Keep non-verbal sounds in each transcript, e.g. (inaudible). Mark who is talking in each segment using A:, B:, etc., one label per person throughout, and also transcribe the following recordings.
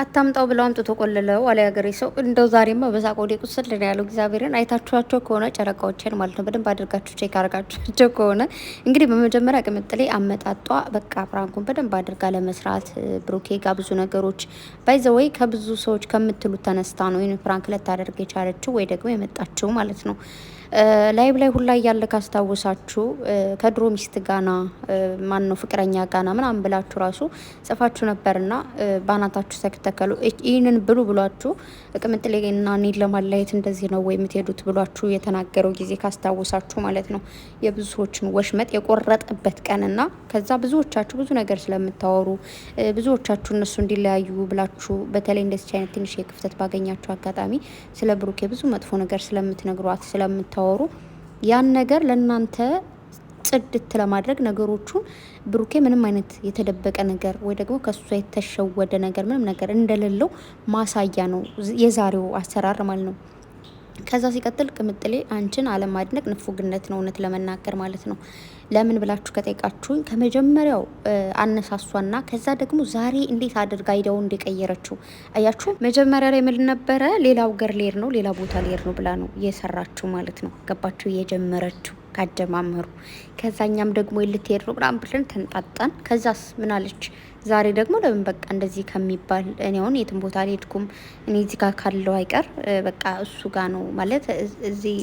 A: አታምጣው ብለው አምጥቶ ቆልለው አለ ያገሬ ሰው። እንደው ዛሬማ በሳቅ ወደ ቁስል ነው ያለው። እግዚአብሔርን አይታችኋቸው ከሆነ ጨረቃዎችን ማለት ነው በደንብ አድርጋችሁ ቼክ አድርጋችኋቸው ከሆነ እንግዲህ በመጀመሪያ ቅምጥሌ አመጣጧ በቃ ፍራንኩን በደንብ አድርጋ ለመስራት ብሩኬ ጋር ብዙ ነገሮች ባይዘ ወይ ከብዙ ሰዎች ከምትሉት ተነስታ ነው ይህን ፍራንክ ልታደርግ የቻለችው ወይ ደግሞ የመጣችው ማለት ነው። ላይብ ላይ ሁላ እያለ ካስታወሳችሁ ከድሮ ሚስት ጋና ማን ነው ፍቅረኛ ጋና ምናምን ብላችሁ ራሱ ጽፋችሁ ነበርና በአናታችሁ ተከተከሉ ይህንን ብሉ ብሏችሁ ቅምጥሌና እኔን ለማለየት እንደዚህ ነው ወይም የምትሄዱት ብሏችሁ የተናገረው ጊዜ ካስታወሳችሁ ማለት ነው የብዙ ሰዎችን ወሽመጥ የቆረጠበት ቀንና ከዛ ብዙዎቻችሁ ብዙ ነገር ስለምታወሩ ብዙዎቻችሁ እነሱ እንዲለያዩ ብላችሁ በተለይ እንደዚች አይነት ትንሽ የክፍተት ባገኛችሁ አጋጣሚ ስለ ብሩኬ ብዙ መጥፎ ነገር ስለምትነግሯት ስለምታ ስታወሩ ያን ነገር ለእናንተ ጽድት ለማድረግ ነገሮቹን ብሩኬ ምንም አይነት የተደበቀ ነገር ወይ ደግሞ ከእሷ የተሸወደ ነገር ምንም ነገር እንደሌለው ማሳያ ነው የዛሬው አሰራር ማለት ነው። ከዛ ሲቀጥል ቅምጥሌ አንቺን አለማድነቅ ንፉግነት ነው፣ እውነት ለመናገር ማለት ነው። ለምን ብላችሁ ከጠይቃችሁኝ ከመጀመሪያው አነሳሷና ከዛ ደግሞ ዛሬ እንዴት አድርጋ አይደውን እንደቀየረችው አያችሁ። መጀመሪያ ላይ ምል ነበረ ሌላው ገር ሌር ነው ሌላ ቦታ ሌር ነው ብላ ነው የሰራችሁ ማለት ነው። ገባችሁ እየጀመረችው ካጀማመሩ ከዛኛም ደግሞ የልትሄድ ነው ምናምን ብለን ተንጣጣን። ከዛስ ምናለች ዛሬ ደግሞ ለምን በቃ እንደዚህ ከሚባል እኔውን አሁን የትም ቦታ አልሄድኩም እኔ ካለው አይቀር በቃ እሱ ጋ ነው ማለት እዚህ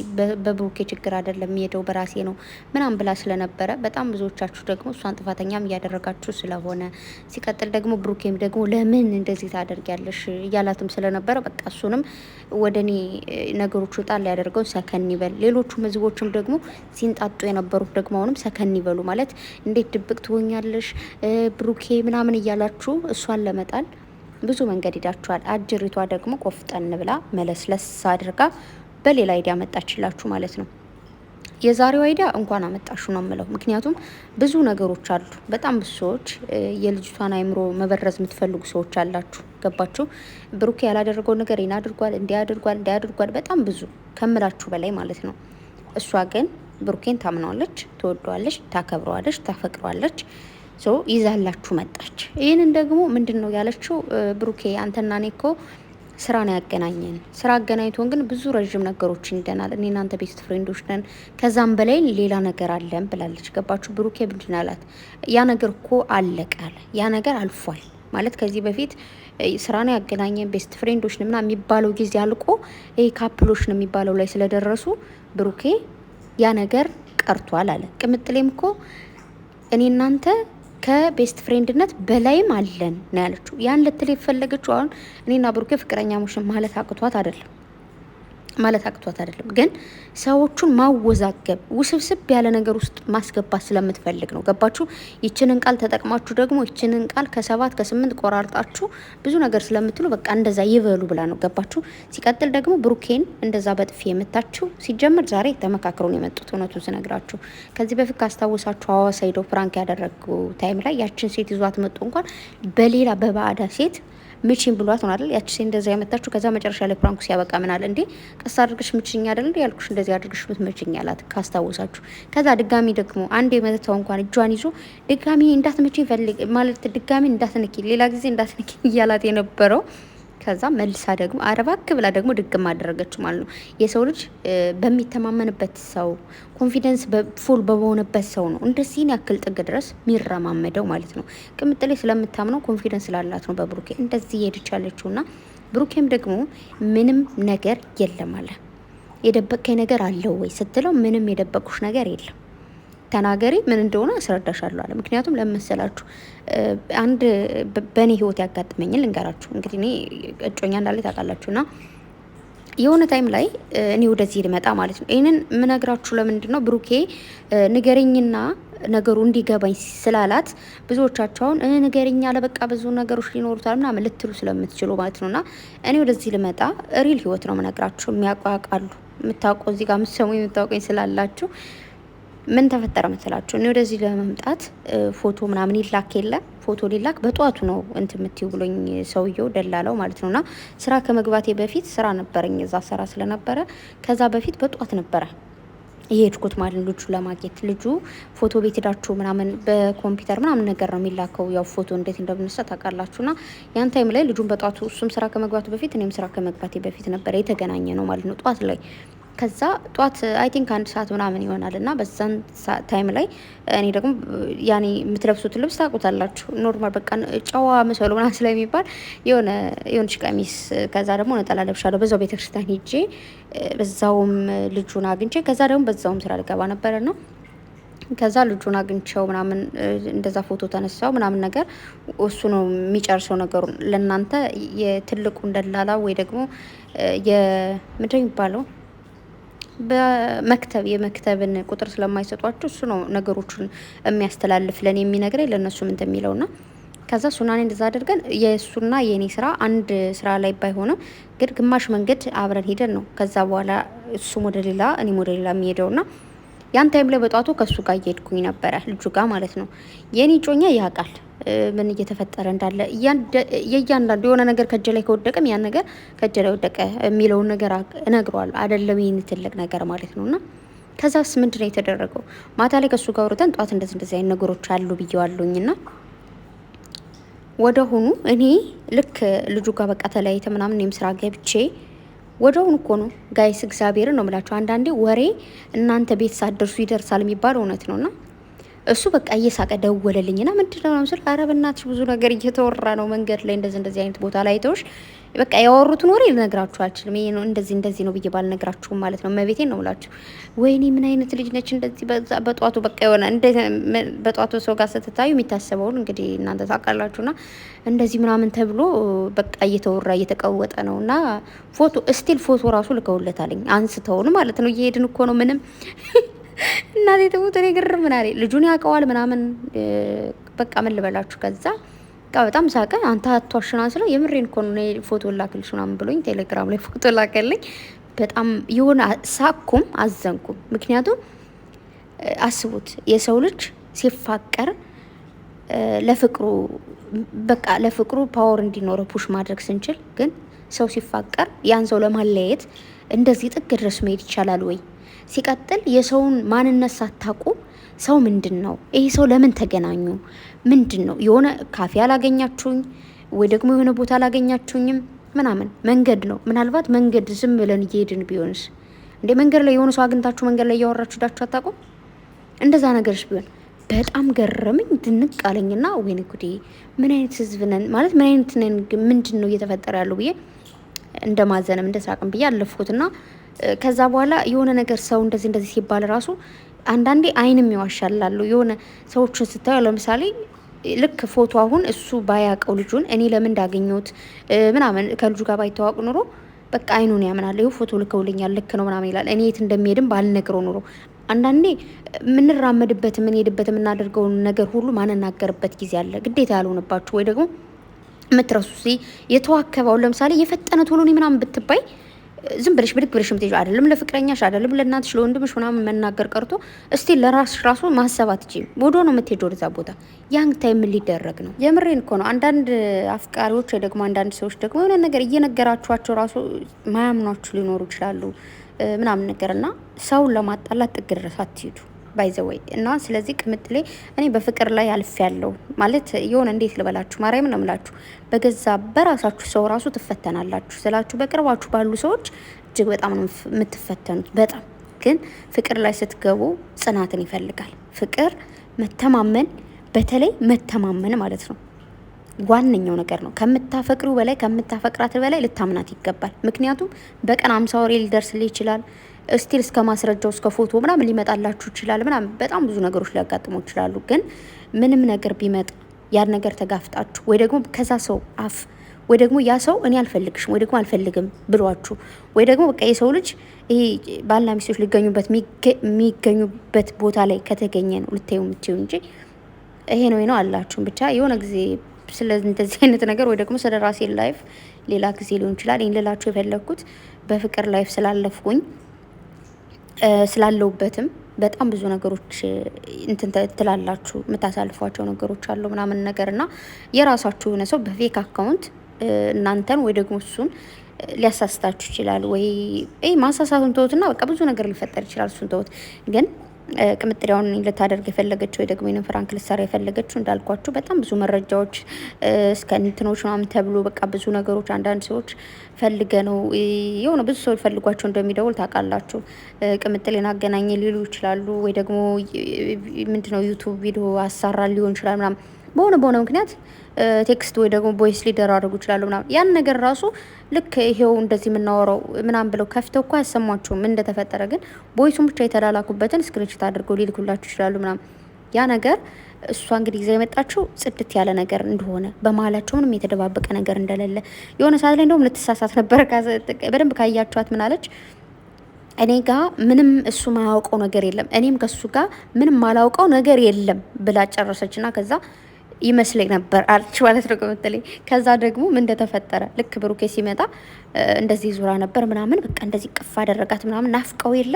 A: በብሩኬ ችግር አይደለም የሚሄደው በራሴ ነው ምናምን ብላ ስለነበረ በጣም ብዙዎቻችሁ ደግሞ እሷን ጥፋተኛም እያደረጋችሁ ስለሆነ ሲቀጥል ደግሞ ብሩኬም ደግሞ ለምን እንደዚህ ታደርጊያለሽ እያላትም ስለነበረ በቃ እሱንም ወደ እኔ ነገሮቹ ጣል ያደርገው ሰከን ይበል። ሌሎቹ ህዝቦችም ደግሞ ሲንጣጡ የነበሩት ደግሞ አሁንም ሰከን ይበሉ ማለት እንዴት ድብቅ ትሆኛለሽ ብሩኬ ምናምን እያላችሁ እሷን ለመጣል ብዙ መንገድ ሄዳችኋል። አጅሪቷ ደግሞ ቆፍጠን ብላ መለስለስ አድርጋ በሌላ አይዲያ መጣችላችሁ ማለት ነው። የዛሬው አይዲያ እንኳን አመጣሹ ነው የምለው። ምክንያቱም ብዙ ነገሮች አሉ። በጣም ብዙ ሰዎች የልጅቷን አይምሮ መበረዝ የምትፈልጉ ሰዎች አላችሁ። ገባችሁ? ብሩክ ያላደረገው ነገር ይህን አድርጓል፣ እንዲህ አድርጓል፣ እንዲህ አድርጓል፣ በጣም ብዙ ከምላችሁ በላይ ማለት ነው። እሷ ግን ብሩኬን ታምናለች፣ ትወደዋለች፣ ታከብረዋለች፣ ታፈቅረዋለች። ሶ ይዛላችሁ መጣች። ይህንን ደግሞ ምንድን ነው ያለችው ብሩኬ አንተና እኔ እኮ ስራ ነው ያገናኘን። ስራ አገናኝቶን ግን ብዙ ረዥም ነገሮች እንደናል። እኔ እናንተ ቤስት ፍሬንዶች ነን፣ ከዛም በላይ ሌላ ነገር አለን ብላለች። ገባችሁ? ብሩኬ ምንድን አላት? ያ ነገር እኮ አለቃል፣ ያ ነገር አልፏል ማለት ከዚህ በፊት ስራ ነው ያገናኘን ቤስት ፍሬንዶች ምና የሚባለው ጊዜ አልቆ ይህ ካፕሎች ነው የሚባለው ላይ ስለደረሱ ብሩኬ ያ ነገር ቀርቷል አለ። ቅምጥሌም እኮ እኔ እናንተ ከቤስት ፍሬንድነት በላይም አለን ነው ያለችው። ያን ልትል የፈለገችው አሁን እኔና ብሩኬ ፍቅረኛ ሙሽን ማለት አቅቷት አይደለም። ማለት አቅቷት አይደለም፣ ግን ሰዎቹን ማወዛገብ ውስብስብ ያለ ነገር ውስጥ ማስገባት ስለምትፈልግ ነው። ገባችሁ? ይችንን ቃል ተጠቅማችሁ ደግሞ ይችንን ቃል ከሰባት ከስምንት ቆራርጣችሁ ብዙ ነገር ስለምትሉ በቃ እንደዛ ይበሉ ብላ ነው። ገባችሁ? ሲቀጥል ደግሞ ብሩኬን እንደዛ በጥፊ የመታችሁ ሲጀምር ዛሬ ተመካክረውን የመጡት እውነቱን ስነግራችሁ፣ ከዚህ በፊት ካስታወሳችሁ ሀዋሳ ሄዶ ፕራንክ ያደረጉ ታይም ላይ ያችን ሴት ይዟት መጡ እንኳን በሌላ በባዕዳ ሴት ምችኝ ብሏት ሆነ አይደል? ያቺ ሴት እንደዚያ ያመታችሁ። ከዛ መጨረሻ ላይ ፕራንኩ ሲያበቃ አለ እንዴ ቀስ አድርግሽ ምችኝ አይደል እንዴ ያልኩሽ እንደዚህ አድርግሽ ምትመችኝ አላት ካስታወሳችሁ። ከዛ ድጋሚ ደግሞ አንዴ የመተታው እንኳን እጇን ይዞ ድጋሚ እንዳትመችኝ ፈልግ ማለት ድጋሚ እንዳትነኪ፣ ሌላ ጊዜ እንዳትነኪ እያላት የነበረው ከዛ መልሳ ደግሞ አረባክ ብላ ደግሞ ድግም አደረገችው ማለት ነው። የሰው ልጅ በሚተማመንበት ሰው ኮንፊደንስ ፉል በሆነበት ሰው ነው እንደዚህን ያክል ጥግ ድረስ የሚረማመደው ማለት ነው። ቅምጥሌ ስለምታምነው ኮንፊደንስ ላላት ነው በብሩኬ እንደዚህ ሄድቻለችው ና ብሩኬም ደግሞ ምንም ነገር የለም አለ። የደበቀኝ ነገር አለው ወይ ስትለው ምንም የደበቁሽ ነገር የለም ተናገሪ ምን እንደሆነ አስረዳሻለሁ አለ። ምክንያቱም ለመሰላችሁ አንድ በእኔ ህይወት ያጋጥመኝን ልንገራችሁ። እንግዲህ እኔ እጮኛ እንዳለ ታውቃላችሁ ና የሆነ ታይም ላይ እኔ ወደዚህ ልመጣ ማለት ነው። ይህንን ምነግራችሁ ለምንድን ነው ብሩኬ ንገርኝና ነገሩ እንዲገባኝ ስላላት ብዙዎቻቸውን ንገርኛ ለበቃ ብዙ ነገሮች ሊኖሩታል ምናምን ልትሉ ስለምትችሉ ማለት ነውና እኔ ወደዚህ ልመጣ ሪል ህይወት ነው ምነግራችሁ። የሚያውቋቃሉ የምታውቁ እዚህ ጋር ምሰሙ የምታውቀኝ ስላላችሁ ምን ተፈጠረ መሰላችሁ? እኔ ወደዚህ ለመምጣት ፎቶ ምናምን ይላክ የለ ፎቶ ሊላክ በጠዋቱ ነው እንትን የምትይው ብሎኝ ሰውየው ደላለው ማለት ነውና፣ ስራ ከመግባቴ በፊት ስራ ነበረኝ እዛ ስራ ስለነበረ ከዛ በፊት በጠዋት ነበረ የሄድኩት ማለት ልጁ ለማግኘት ልጁ ፎቶ ቤት ሄዳችሁ ምናምን በኮምፒውተር ምናምን ነገር ነው የሚላከው። ያው ፎቶ እንዴት እንደምንሰጥ ታውቃላችሁ። ና ያን ታይም ላይ ልጁን በጠዋቱ እሱም ስራ ከመግባቱ በፊት እኔም ስራ ከመግባቴ በፊት ነበረ የተገናኘ ነው ማለት ነው ጠዋት ላይ ከዛ ጧት አይ ቲንክ አንድ ሰዓት ምናምን ይሆናል እና በዛን ታይም ላይ እኔ ደግሞ ያኔ የምትለብሱት ልብስ ታውቁታላችሁ። ኖርማል በቃ ጨዋ መሰሉ ምናምን ስለሚባል የሆነ የሆነች ቀሚስ ከዛ ደግሞ ነጠላ ለብሻለሁ። በዛው ቤተክርስቲያን ሄጄ በዛውም ልጁን አግኝቼ ከዛ ደግሞ በዛውም ስራ ልገባ ነበረ ነው ከዛ ልጁን አግኝቸው ምናምን እንደዛ ፎቶ ተነሳው ምናምን ነገር እሱ ነው የሚጨርሰው ነገሩ። ለእናንተ የትልቁ እንደላላ ወይ ደግሞ የምንድን ይባለው በመክተብ የመክተብን ቁጥር ስለማይሰጧቸው እሱ ነው ነገሮቹን የሚያስተላልፍ ለእኔ የሚነግረኝ የሚለው ና ከዛ ሱናኔ እንደዛ አድርገን የእሱና የእኔ ስራ አንድ ስራ ላይ ባይሆንም ግን ግማሽ መንገድ አብረን ሄደን ነው ከዛ በኋላ እሱም ወደ ሌላ እኔም ወደ ሌላ የሚሄደው ና ያን ታይም ላይ በጧቱ ከሱ ጋር እየሄድኩኝ ነበረ፣ ልጁ ጋር ማለት ነው። የኔ ጮኛ ያውቃል ምን እየተፈጠረ እንዳለ የእያንዳንዱ የሆነ ነገር ከእጄ ላይ ከወደቀም ያን ነገር ከእጄ ላይ ወደቀ የሚለውን ነገር እነግረዋለሁ። አይደለም ይህን ትልቅ ነገር ማለት ነው። እና ከዛስ ምንድን ነው የተደረገው? ማታ ላይ ከእሱ ጋር አውርተን ጠዋት እንደዚህ እንደዚህ አይነት ነገሮች አሉ ብየዋለኝ ና ወደ ሆኑ እኔ ልክ ልጁ ጋር በቃ ተለያይተ ምናምን ስራ ገብቼ ወደውን እኮ ነው ጋይስ፣ እግዚአብሔር ነው የምላቸው። አንዳንዴ ወሬ እናንተ ቤት ሳደርሱ ይደርሳል የሚባለው እውነት ነውና እሱ በቃ እየሳቀ ደወለልኝና ምንድነው ስል፣ አረብ እናትሽ ብዙ ነገር እየተወራ ነው መንገድ ላይ እንደዚህ እንደዚህ አይነት ቦታ ላይ ተውሽ በቃ ያወሩትን ወሬ ልነግራችሁ አልችልም። ይሄ ነው እንደዚህ እንደዚህ ነው ብዬ ባልነግራችሁ ማለት ነው። መቤቴን ነው ምላችሁ። ወይኔ ምን አይነት ልጅ ነች እንደዚህ በጧቱ በቃ የሆነ በጧቱ ሰው ጋር ስትታዩ የሚታሰበውን እንግዲህ እናንተ ታውቃላችሁና እንደዚህ ምናምን ተብሎ በቃ እየተወራ እየተቀወጠ ነው። እና ፎቶ ስቲል ፎቶ ራሱ ልከውለታለኝ አንስተውን ማለት ነው። እየሄድን እኮ ነው ምንም እናቴ ትሙት እኔ ግርም ምናሌ ልጁን ያውቀዋል ምናምን በቃ ምን ልበላችሁ ከዛ በቃ በጣም ሳቀ። አንተ አቷሽና ስለው የምሬን እኮ ነው ፎቶ ላክልሽ ምናምን ብሎኝ ቴሌግራም ላይ ፎቶ ላከልኝ። በጣም የሆነ ሳኩም አዘንኩም። ምክንያቱም አስቡት የሰው ልጅ ሲፋቀር ለፍቅሩ በቃ ለፍቅሩ ፓወር እንዲኖረው ፑሽ ማድረግ ስንችል፣ ግን ሰው ሲፋቀር ያን ሰው ለማለያየት እንደዚህ ጥግ ድረስ መሄድ ይቻላል ወይ? ሲቀጥል የሰውን ማንነት ሳታውቁ ሰው ምንድን ነው? ይሄ ሰው ለምን ተገናኙ? ምንድን ነው የሆነ ካፌ አላገኛችሁኝ ወይ ደግሞ የሆነ ቦታ አላገኛችሁኝም ምናምን መንገድ ነው ምናልባት መንገድ ዝም ብለን እየሄድን ቢሆንስ እንደ መንገድ ላይ የሆነ ሰው አግኝታችሁ መንገድ ላይ እያወራችሁ ዳችሁ አታውቁም? እንደዛ ነገርስ ቢሆን በጣም ገረምኝ ድንቅ አለኝና ወይን ጉዴ ምን አይነት ህዝብ ነን ማለት ምን አይነት ነን፣ ምንድን ነው እየተፈጠረ ያለው ብዬ እንደ ማዘንም እንደ ሳቅም ብዬ አለፍኩትና ከዛ በኋላ የሆነ ነገር ሰው እንደዚህ እንደዚህ ሲባል ራሱ አንዳንዴ አይንም ይዋሻላሉ የሆነ ሰዎችን ስታዩ ለምሳሌ ልክ ፎቶ አሁን እሱ ባያውቀው ልጁን እኔ ለምን እንዳገኘሁት ምናምን ከልጁ ጋር ባይተዋወቅ ኑሮ በቃ አይኑን ያምናል። ይኸው ፎቶ ልከውልኛል ልክ ነው ምናምን ይላል። እኔ የት እንደሚሄድም ባልነግረው ኑሮ አንዳንዴ የምንራመድበት የምንሄድበት የምናደርገውን ነገር ሁሉ ማንናገርበት ጊዜ አለ። ግዴታ ያልሆነባችሁ ወይ ደግሞ ምትረሱ የተዋከበውን ለምሳሌ የፈጠነ ቶሎኔ ምናምን ብትባይ ዝም ብለሽ ብድግ ብለሽ የምትሄጂው አይደለም ለፍቅረኛሽ፣ አይደለም ለእናትሽ፣ ለወንድምሽ ምናምን መናገር ቀርቶ እስቲ ለራስሽ ራሱ ማሰብ አትችይም። ወዶ ነው የምትሄጂው ወደዛ ቦታ። ያንግ ታይም ሊደረግ ነው። የምሬን እኮ ነው። አንዳንድ አፍቃሪዎች ወይ ደግሞ አንዳንድ ሰዎች ደግሞ የሆነ ነገር እየነገራችኋቸው ራሱ ማያምኗችሁ ሊኖሩ ይችላሉ ምናምን ነገር እና ሰውን ለማጣላት ጥግ ድረስ አትሄዱ። ባይዘወይ እና ስለዚህ ቅምጥሌ እኔ በፍቅር ላይ አልፍ ያለው ማለት የሆነ እንዴት ልበላችሁ፣ ማርያም ነው ምላችሁ፣ በገዛ በራሳችሁ ሰው ራሱ ትፈተናላችሁ ስላችሁ፣ በቅርባችሁ ባሉ ሰዎች እጅግ በጣም ነው የምትፈተኑት። በጣም ግን ፍቅር ላይ ስትገቡ ጽናትን ይፈልጋል። ፍቅር መተማመን፣ በተለይ መተማመን ማለት ነው ዋነኛው ነገር ነው። ከምታፈቅሪው በላይ ከምታፈቅራት በላይ ልታምናት ይገባል። ምክንያቱም በቀን አምሳ ወሬ ሊደርስልህ ይችላል ስቲል እስከ ማስረጃው እስከ ፎቶ ምናምን ሊመጣላችሁ ይችላል ምናምን በጣም ብዙ ነገሮች ሊያጋጥሙ ይችላሉ። ግን ምንም ነገር ቢመጣ ያን ነገር ተጋፍጣችሁ ወይ ደግሞ ከዛ ሰው አፍ ወይ ደግሞ ያ ሰው እኔ አልፈልግሽም ወይ ደግሞ አልፈልግም ብሏችሁ ወይ ደግሞ በቃ የሰው ልጅ ይሄ ባልና ሚስቶች ሊገኙበት የሚገኙበት ቦታ ላይ ከተገኘ ነው ልታዩ የምትዩ እንጂ ይሄ ነው ነው አላችሁም። ብቻ የሆነ ጊዜ ስለ እንደዚህ አይነት ነገር ወይ ደግሞ ስለ ራሴን ላይፍ ሌላ ጊዜ ሊሆን ይችላል። ይህን ልላችሁ የፈለግኩት በፍቅር ላይፍ ስላለፍኩኝ ስላለውበትም በጣም ብዙ ነገሮች እንትን ትላላችሁ የምታሳልፏቸው ነገሮች አሉ ምናምን ነገር እና የራሳችሁ የሆነ ሰው በፌክ አካውንት እናንተን ወይ ደግሞ እሱን ሊያሳስታችሁ ይችላል። ወይ ማሳሳቱን ተውትና በቃ ብዙ ነገር ሊፈጠር ይችላል። እሱን ተውት ግን ቅምጥሪያውን ልታደርግ የፈለገችው ወይ ደግሞ ይህን ፍራንክ ልትሰራ የፈለገችው እንዳልኳችሁ በጣም ብዙ መረጃዎች እስከ እንትኖች ምናምን ተብሎ በቃ ብዙ ነገሮች አንዳንድ ሰዎች ፈልገ ነው የሆነ ብዙ ሰዎች ፈልጓቸው እንደሚደውል ታውቃላችሁ። ቅምጥሌን አገናኘ ሊሉ ይችላሉ ወይ ደግሞ ምንድነው ዩቱብ ቪዲዮ አሰራ ሊሆን ይችላል ምናምን በሆነ በሆነ ምክንያት ቴክስት ወይ ደግሞ ሊደር አድርጉ ይችላሉ ምናምን ያን ነገር ራሱ ልክ ይሄው እንደዚህ የምናወራው ምናምን ብለው ከፍተው እኮ አያሰሟችሁም እንደተፈጠረ። ግን ቦይሱን ብቻ የተላላኩበትን ስክሪንሽት አድርገው ሊልኩላችሁ ይችላሉ ምናምን ያ ነገር እሷ እንግዲህ ጊዜ የመጣችው ጽድት ያለ ነገር እንደሆነ በመሀላቸው ምንም የተደባበቀ ነገር እንደሌለ የሆነ ሰዓት ላይ እንደውም ልትሳሳት ነበረ። በደንብ ካያችኋት ምናለች እኔ ጋ ምንም እሱ ማያውቀው ነገር የለም፣ እኔም ከሱ ጋር ምንም ማላውቀው ነገር የለም ብላ ጨረሰች እና ከዛ ይመስለኝ ነበር አለች ማለት ነው ከምትለኝ። ከዛ ደግሞ ምን እንደተፈጠረ ልክ ብሩኬ ሲመጣ እንደዚህ ዙራ ነበር ምናምን፣ በቃ እንደዚህ ቅፍ አደረጋት ምናምን፣ ናፍቀው የለ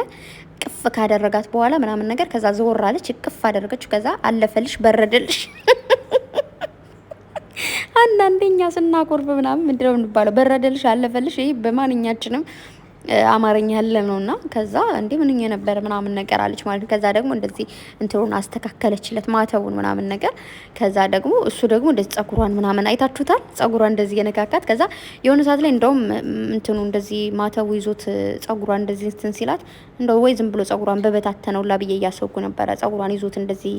A: ቅፍ ካደረጋት በኋላ ምናምን ነገር ከዛ ዘወር አለች፣ ቅፍ አደረገች። ከዛ አለፈልሽ፣ በረደልሽ። (laughs) አንዳንደኛ ስናቆርብ ምናምን ምንድነው የምንባለው? በረደልሽ፣ አለፈልሽ። ይህ በማንኛችንም አማርኛ ያለ ነው እና ከዛ እንዲህ ምን የነበረ ምናምን ነገር አለች ማለት ነው። ከዛ ደግሞ እንደዚህ እንትሩን አስተካከለችለት ማተቡን ምናምን ነገር። ከዛ ደግሞ እሱ ደግሞ እንደዚህ ጸጉሯን ምናምን አይታችሁታል፣ ጸጉሯ እንደዚህ የነካካት። ከዛ የሆነ ሰዓት ላይ እንደውም እንትኑ እንደዚህ ማተቡ ይዞት ጸጉሯ እንደዚህ እንትን ሲላት እንደው ወይ ዝም ብሎ ጸጉሯን በበታተነው ላ ብዬ እያሰብኩ ነበረ። ጸጉሯን ይዞት እንደዚህ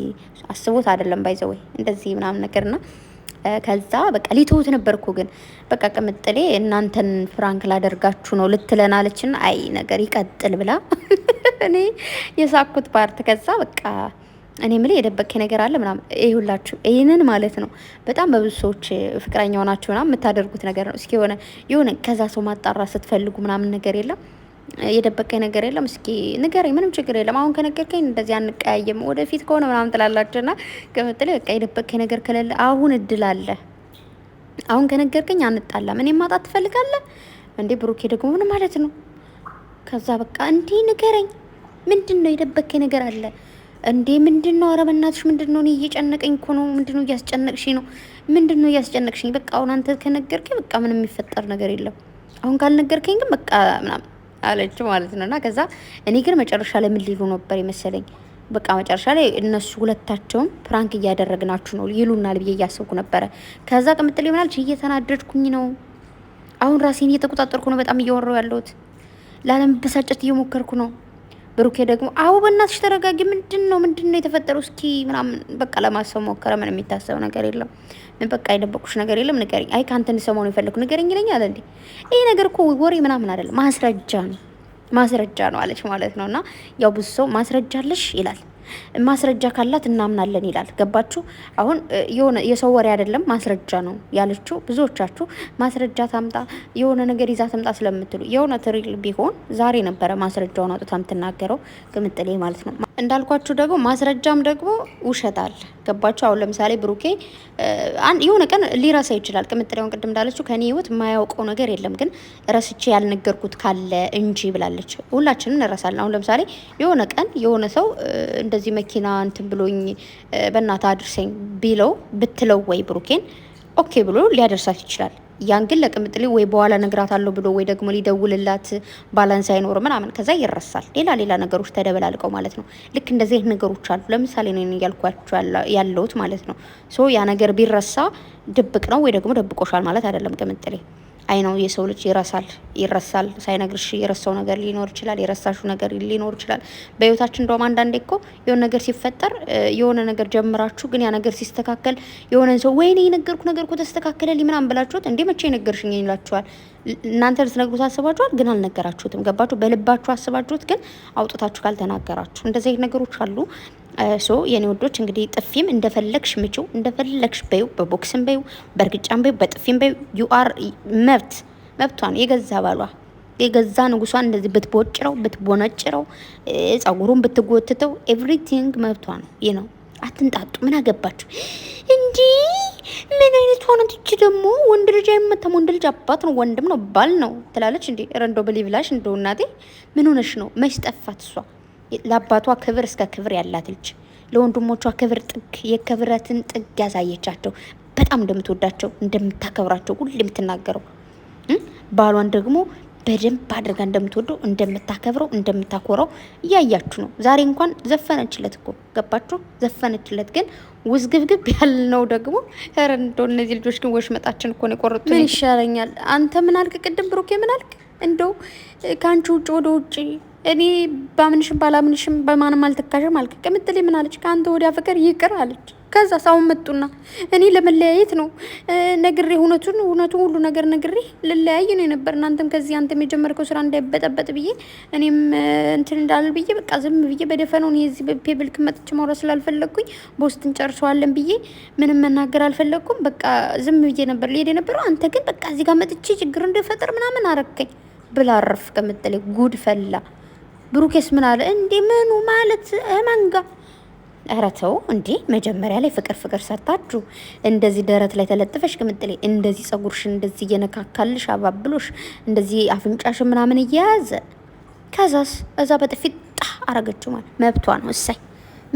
A: አስቦት አይደለም ባይዘወይ እንደዚህ ምናምን ና ከዛ በቃ ሊተውት ነበርኩ፣ ግን በቃ ቅምጥሌ እናንተን ፍራንክ ላደርጋችሁ ነው ልትለናለችን። አይ ነገር ይቀጥል ብላ (laughs) እኔ የሳኩት ፓርት ከዛ በቃ እኔ ምል የደበቀኝ ነገር አለ ምናምን ይህ ሁላችሁ ይህንን ማለት ነው። በጣም በብዙ ሰዎች ፍቅረኛ ሆናችሁ ምናምን የምታደርጉት ነገር ነው። እስኪ የሆነ የሆነ ከዛ ሰው ማጣራት ስትፈልጉ ምናምን ነገር የለም የደበቀኝ ነገር የለም። እስኪ ንገረኝ፣ ምንም ችግር የለም። አሁን ከነገርከኝ እንደዚህ አንቀያየም፣ ወደፊት ከሆነ ምናምን ትላላችሁ እና በቃ የደበቀኝ ነገር ከሌለ አሁን እድል አለ። አሁን ከነገርከኝ አንጣላም። እኔ ማጣት ትፈልጋለህ እንዴ? ብሩኬ ደግሞ ምን ማለት ነው? ከዛ በቃ እንዴ ንገረኝ፣ ምንድን ነው የደበቀ ነገር አለ እንዴ? ምንድን ነው? ኧረ በእናትሽ ምንድን ነው? እኔ እየጨነቀኝ እኮ ነው። ምንድን ነው እያስጨነቅሽኝ ነው? ምንድን ነው እያስጨነቅሽኝ? በቃ አሁን አንተ ከነገርከኝ በቃ ምንም የሚፈጠር ነገር የለም። አሁን ካልነገርከኝ ግን በቃ ምናምን አለች ማለት ነው። እና ከዛ እኔ ግን መጨረሻ ላይ ምን ሊሉ ነበር የመሰለኝ በቃ መጨረሻ ላይ እነሱ ሁለታቸውም ፕራንክ እያደረግናችሁ ነው ይሉናል ብዬ እያሰብኩ ነበረ። ከዛ ቅምጥል ምናለች? እየተናደድኩኝ ነው አሁን ራሴን እየተቆጣጠርኩ ነው። በጣም እያወራው ያለሁት ላለመበሳጨት እየሞከርኩ ነው። ብሩኬ ደግሞ አሁ በእናትሽ ተረጋጊ፣ ምንድን ነው ምንድን ነው የተፈጠረው? እስኪ ምናምን በቃ ለማሰብ ሞከረ። ምን የሚታሰብ ነገር የለም። ምን በቃ የደበቁሽ ነገር የለም፣ ንገሪኝ። አይ ከአንተ እንዲሰማው ነው የፈለኩ ንገረኝ ይለኛል እንዴ። ይህ ነገር እኮ ወሬ ምናምን አይደለም፣ ማስረጃ ነው ማስረጃ ነው አለች ማለት ነው። እና ያው ብዙ ሰው ማስረጃ አለሽ ይላል ማስረጃ ካላት እናምናለን ይላል። ገባችሁ? አሁን የሆነ የሰው ወሬ አይደለም ማስረጃ ነው ያለችው። ብዙዎቻችሁ ማስረጃ ታምጣ የሆነ ነገር ይዛ ታምጣ ስለምትሉ የሆነ ትሪል ቢሆን ዛሬ ነበረ ማስረጃውን አውጥታ የምትናገረው ግምጥሌ ማለት ነው። እንዳልኳችሁ ደግሞ ማስረጃም ደግሞ ውሸት አለ። ገባችሁ? አሁን ለምሳሌ ብሩኬ የሆነ ቀን ሊረሳ ይችላል። ቅምጥሪያውን ቅድም እንዳለችው ከኔ ህይወት የማያውቀው ነገር የለም ግን ረስቼ ያልነገርኩት ካለ እንጂ ብላለች። ሁላችንም እንረሳለን። አሁን ለምሳሌ የሆነ ቀን የሆነ ሰው እንደዚህ መኪና እንትን ብሎኝ በእናታ አድርሰኝ ቢለው ብትለው ወይ ብሩኬን ኦኬ ብሎ ሊያደርሳት ይችላል ያን ግን ለቅምጥሌ ወይ በኋላ ነግራታለሁ ብሎ ወይ ደግሞ ሊደውልላት ባላንስ አይኖር ምናምን፣ ከዛ ይረሳል። ሌላ ሌላ ነገሮች ተደበላልቀው ማለት ነው። ልክ እንደዚህ አይነት ነገሮች አሉ። ለምሳሌ ነው እያልኳቸው ያለሁት ማለት ነው። ሶ ያ ነገር ቢረሳ ድብቅ ነው ወይ ደግሞ ደብቆሻል ማለት አይደለም ቅምጥሌ አይ ነው የሰው ልጅ ይረሳል ይረሳል። ሳይነግርሽ የረሳው ነገር ሊኖር ይችላል፣ የረሳሹ ነገር ሊኖር ይችላል። በህይወታችን እንደውም አንዳንዴ እኮ የሆነ ነገር ሲፈጠር የሆነ ነገር ጀምራችሁ ግን ያ ነገር ሲስተካከል የሆነን ሰው ወይኔ የነገርኩ ነገር እኮ ተስተካከለ ምናምን ብላችሁት እንዴ መቼ የነገርሽኝ ይላችኋል። እናንተ ልትነግሩት አስባችኋል፣ ግን አልነገራችሁትም። ገባችሁ? በልባችሁ አስባችሁት፣ ግን አውጥታችሁ ካልተናገራችሁ እንደዚህ ነገሮች አሉ። ሶ የኔ ወዶች እንግዲህ ጥፊም እንደፈለግሽ ምችው እንደፈለግሽ በዩ በቦክስም በዩ በእርግጫም በዩ በጥፊም በዩ አር መብት መብቷን የገዛ ባሏ የገዛ ንጉሷን እንደዚህ ብትቦጭረው ብትቦነጭረው ጸጉሩን ብትጎትተው ኤቭሪቲንግ መብቷ ነው። ይህ ነው። አትንጣጡ። ምን አገባችሁ? እንዲህ ምን አይነት ሆነትች ደግሞ ወንድ ልጅ አይመታም። ወንድ ልጅ አባት ነው፣ ወንድም ነው፣ ባል ነው ትላለች። እንዲ ረንዶ በሊብላሽ እንደው እናቴ ምን ሆነሽ ነው? መች ጠፋት እሷ ለአባቷ ክብር እስከ ክብር ያላት ልጅ ለወንድሞቿ ክብር ጥግ የክብረትን ጥግ ያሳየቻቸው በጣም እንደምትወዳቸው እንደምታከብራቸው ሁሌ የምትናገረው ባሏን ደግሞ በደንብ አድርጋ እንደምትወደው እንደምታከብረው እንደምታኮረው እያያችሁ ነው። ዛሬ እንኳን ዘፈነችለት እኮ ገባችሁ? ዘፈነችለት። ግን ውዝግብግብ ያልነው ደግሞ ኧረ እንደው እነዚህ ልጆች ግን ወሽመጣችን እኮ ነው የቆረጡት።
B: ምን ይሻለኛል? አንተ ምን አልክ? ቅድም ብሩኬ ምን አልክ? እንደው ከአንቺ ውጭ ወደ ውጭ እኔ ባምንሽም ባላምንሽም በማንም አልተካሽም አልክ። ቅምጥሌ ምን አለች? ከአንተ ወዲያ ፍቅር ይቅር አለች። ከዛ ሳሁን መጡና እኔ ለመለያየት ነው ነግሬ እውነቱን እውነቱን ሁሉ ነገር ነግሬ ልለያይ ነው የነበር እናንተም ከዚህ አንተም የጀመርከው ስራ እንዳይበጠበጥ ብዬ እኔም እንትን እንዳለል ብዬ በቃ ዝም ብዬ በደፈነው እኔ እዚህ ፔብልክ መጥቼ ማውራት ስላልፈለግኩኝ በውስጥ እንጨርሰዋለን ብዬ ምንም መናገር አልፈለግኩም። በቃ ዝም ብዬ ነበር ሊሄድ የነበረው። አንተ ግን በቃ እዚህ ጋር መጥቼ ችግር እንደፈጠር ምናምን አረከኝ ብላ አረፍ። ቅምጥሌ ጉድ ፈላ። ብሩኬስ ምን አለ እንዴ? ምኑ ማለት ማንጋ? ኧረ ተው እንዴ! መጀመሪያ ላይ ፍቅር ፍቅር ሰታችሁ እንደዚህ ደረት ላይ ተለጥፈሽ ቅምጥሌ እንደዚህ ጸጉርሽ እንደዚህ እየነካካልሽ አባብሎሽ እንደዚህ አፍንጫሽ ምናምን እየያዘ ከዛስ እዛ በጥፊ ጣ አረገችው። ማለት መብቷ ነው። እሳይ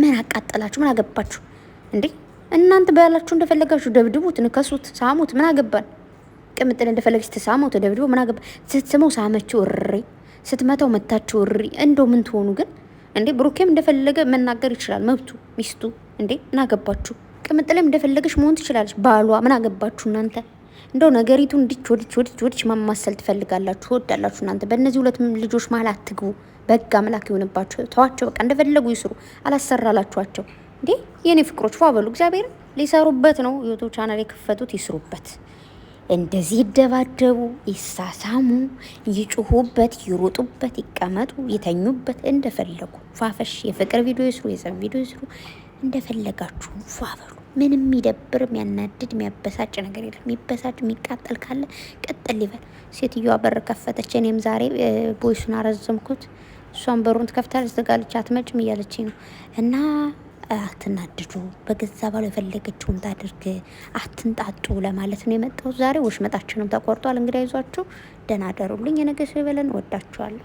B: ምን አቃጠላችሁ? ምን አገባችሁ እንዴ? እናንተ በያላችሁ እንደፈለጋችሁ ደብድቡት፣ ንከሱት፣ ሳሙት፣ ምን አገባን? ቅምጥሌ እንደፈለገች ተሳመው ተደብድቦ ምን አገባ? ስትስመው ሳመችው እሬ ስትመታው መታቸው እሪ እንደው ምን ትሆኑ ግን እንዴ ብሩኬም እንደፈለገ መናገር ይችላል መብቱ ሚስቱ እንዴ ምን አገባችሁ ቅምጥሌም እንደፈለገች መሆን ትችላለች ባሏ ምን አገባችሁ እናንተ እንደው ነገሪቱ እንዲች ወዲች ወዲች ወዲች ማማሰል ትፈልጋላችሁ ወዳላችሁ እናንተ በእነዚህ ሁለት ልጆች መሀል አትግቡ በህግ አምላክ ይሆንባችሁ ተዋቸው በቃ እንደፈለጉ ይስሩ አላሰራላችኋቸው እንዴ የእኔ ፍቅሮች ፏ በሉ እግዚአብሔርን ሊሰሩበት ነው ዩቱብ ቻናል የከፈቱት ይስሩበት እንደዚህ ይደባደቡ፣ ይሳሳሙ፣ ይጩሁበት፣ ይሮጡበት፣ ይቀመጡ፣ ይተኙበት፣ እንደፈለጉ ፏፈሽ። የፍቅር ቪዲዮ ይስሩ፣ የጸብ ቪዲዮ ይስሩ፣ እንደፈለጋችሁ ፏፈሉ። ምንም የሚደብር የሚያናድድ የሚያበሳጭ ነገር የለም። የሚበሳጭ የሚቃጠል ካለ ቅጥል ይበል። ሴትዮዋ በር ከፈተች። እኔም ዛሬ ቦይሱን አረዘምኩት። እሷን በሩን ትከፍታለች። ዝጋለች አትመጭም እያለች ነው እና አትናድዱ፣ በገዛ ባሉ የፈለገችውን ታድርግ፣ አትንጣጡ ለማለት ነው የመጣሁት ዛሬ። ወሽመጣችንም ተቆርጧል። እንግዲህ አይዟችሁ፣ ደህና ደሩልኝ። የነገ ሰው ይበለን። ወዳችኋለሁ።